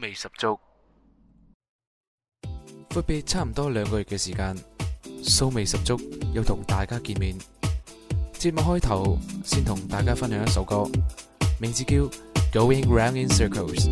味十足，闊別差唔多兩個月嘅時間，素味十足又同大家見面。節目開頭先同大家分享一首歌，名字叫《Going Round in Circles》。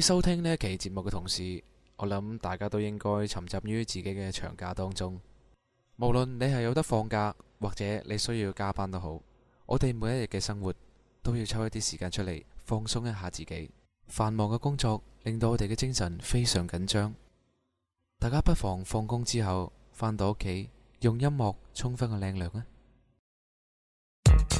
收聽呢一期節目嘅同時，我諗大家都應該沉浸於自己嘅長假當中。無論你係有得放假，或者你需要加班都好，我哋每一日嘅生活都要抽一啲時間出嚟放鬆一下自己。繁忙嘅工作令到我哋嘅精神非常緊張，大家不妨放工之後返到屋企用音樂充分嘅靚涼啊！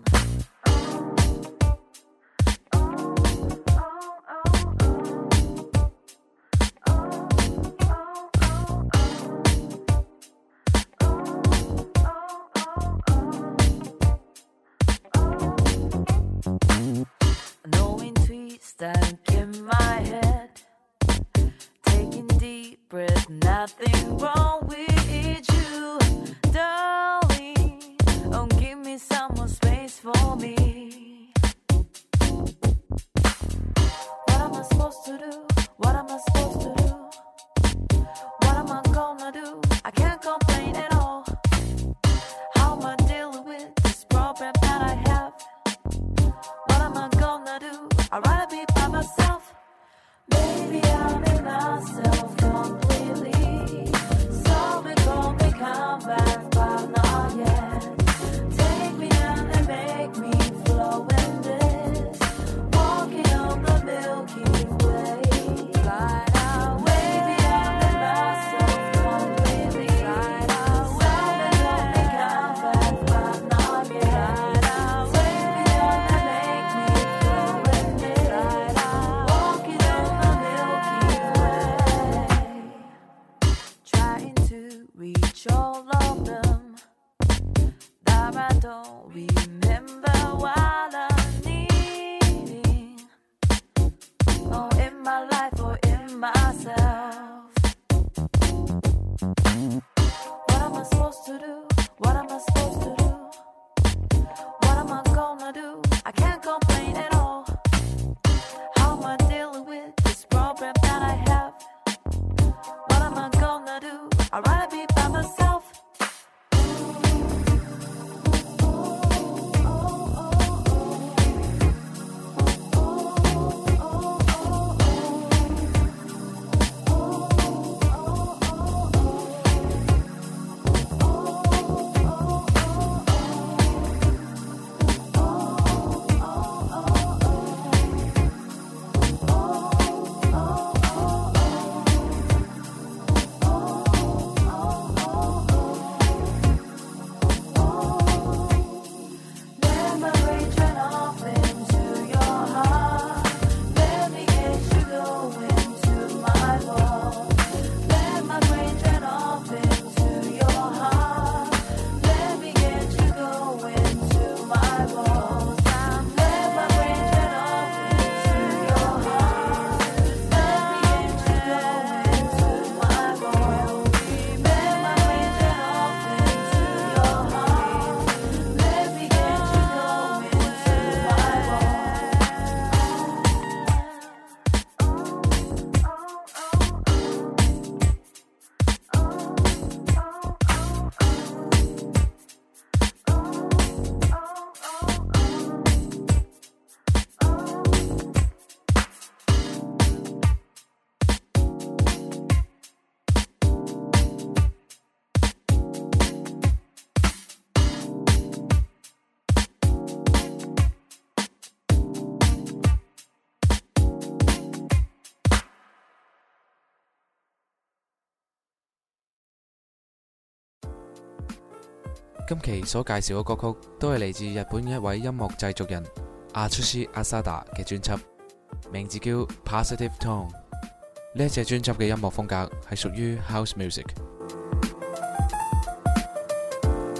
今期所介紹嘅歌曲都係嚟自日本一位音樂製作人阿出師阿沙達嘅專輯，名字叫《Positive Tone》。呢一隻專輯嘅音樂風格係屬於 House Music。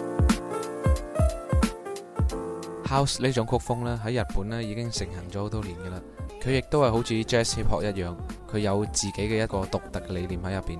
House 呢種曲風咧，喺日本咧，已經盛行咗好多年嘅啦，佢亦都係好似 Jazz Hip Hop 一樣，佢有自己嘅一個獨特嘅理念喺入邊。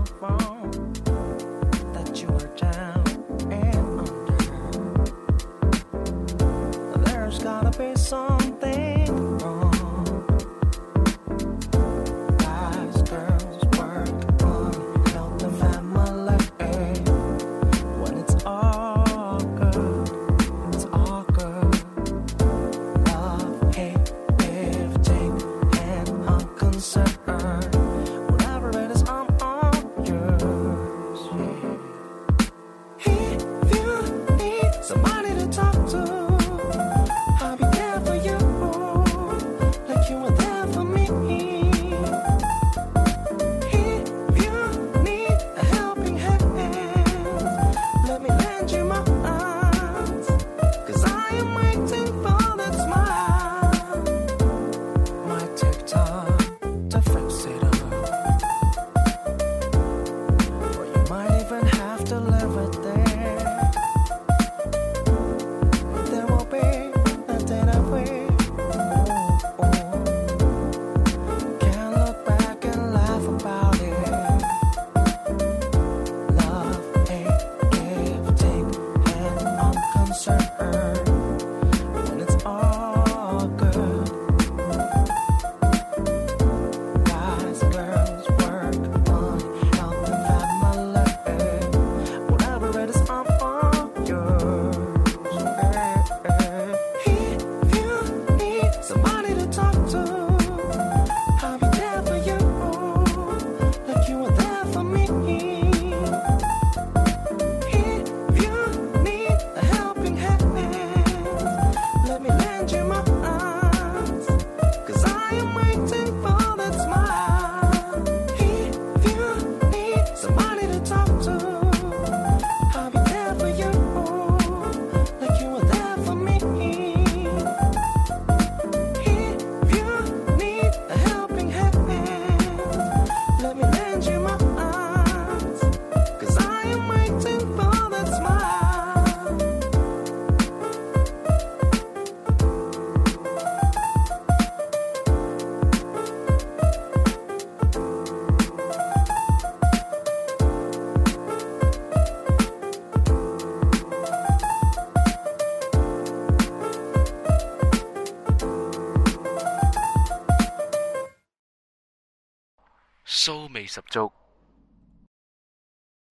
十足，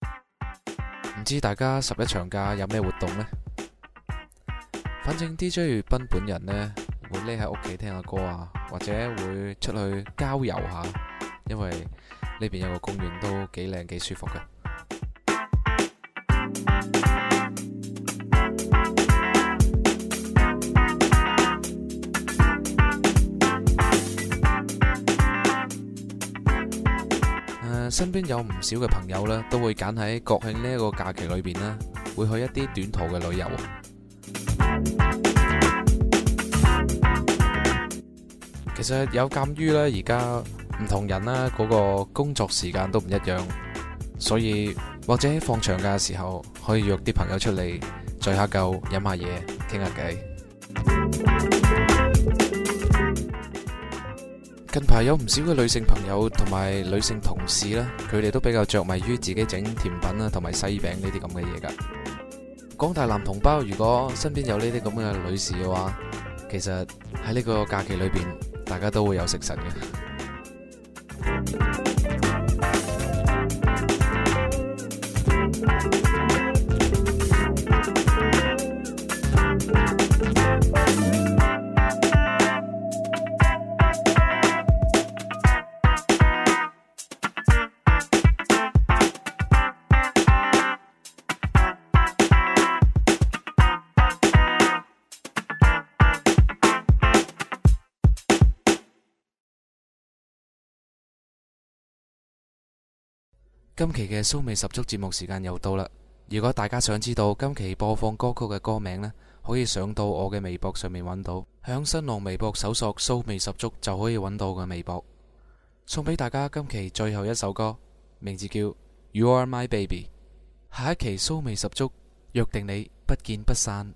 唔知大家十一長假有咩活動呢？反正 DJ 斌本人呢，會匿喺屋企聽下歌啊，或者會出去郊遊下，因為呢邊有個公園都幾靚幾舒服嘅。身邊有唔少嘅朋友咧，都會揀喺國慶呢一個假期裏邊咧，會去一啲短途嘅旅遊。其實有鑒於咧，而家唔同人啦，嗰個工作時間都唔一樣，所以或者放長假嘅時候，可以約啲朋友出嚟聚下舊，飲下嘢，傾下偈。近排有唔少嘅女性朋友同埋女性同事啦，佢哋都比較着迷於自己整甜品啊，同埋西餅呢啲咁嘅嘢噶。廣大男同胞，如果身邊有呢啲咁嘅女士嘅話，其實喺呢個假期裏邊，大家都會有食神嘅。今期嘅 Soul 味十足節目時間又到啦！如果大家想知道今期播放歌曲嘅歌名呢，可以上到我嘅微博上面揾到，響新浪微博搜索 Soul 味十足就可以揾到我嘅微博。送俾大家今期最後一首歌，名字叫《You Are My Baby》。下一期 Soul 味十足，約定你不見不散。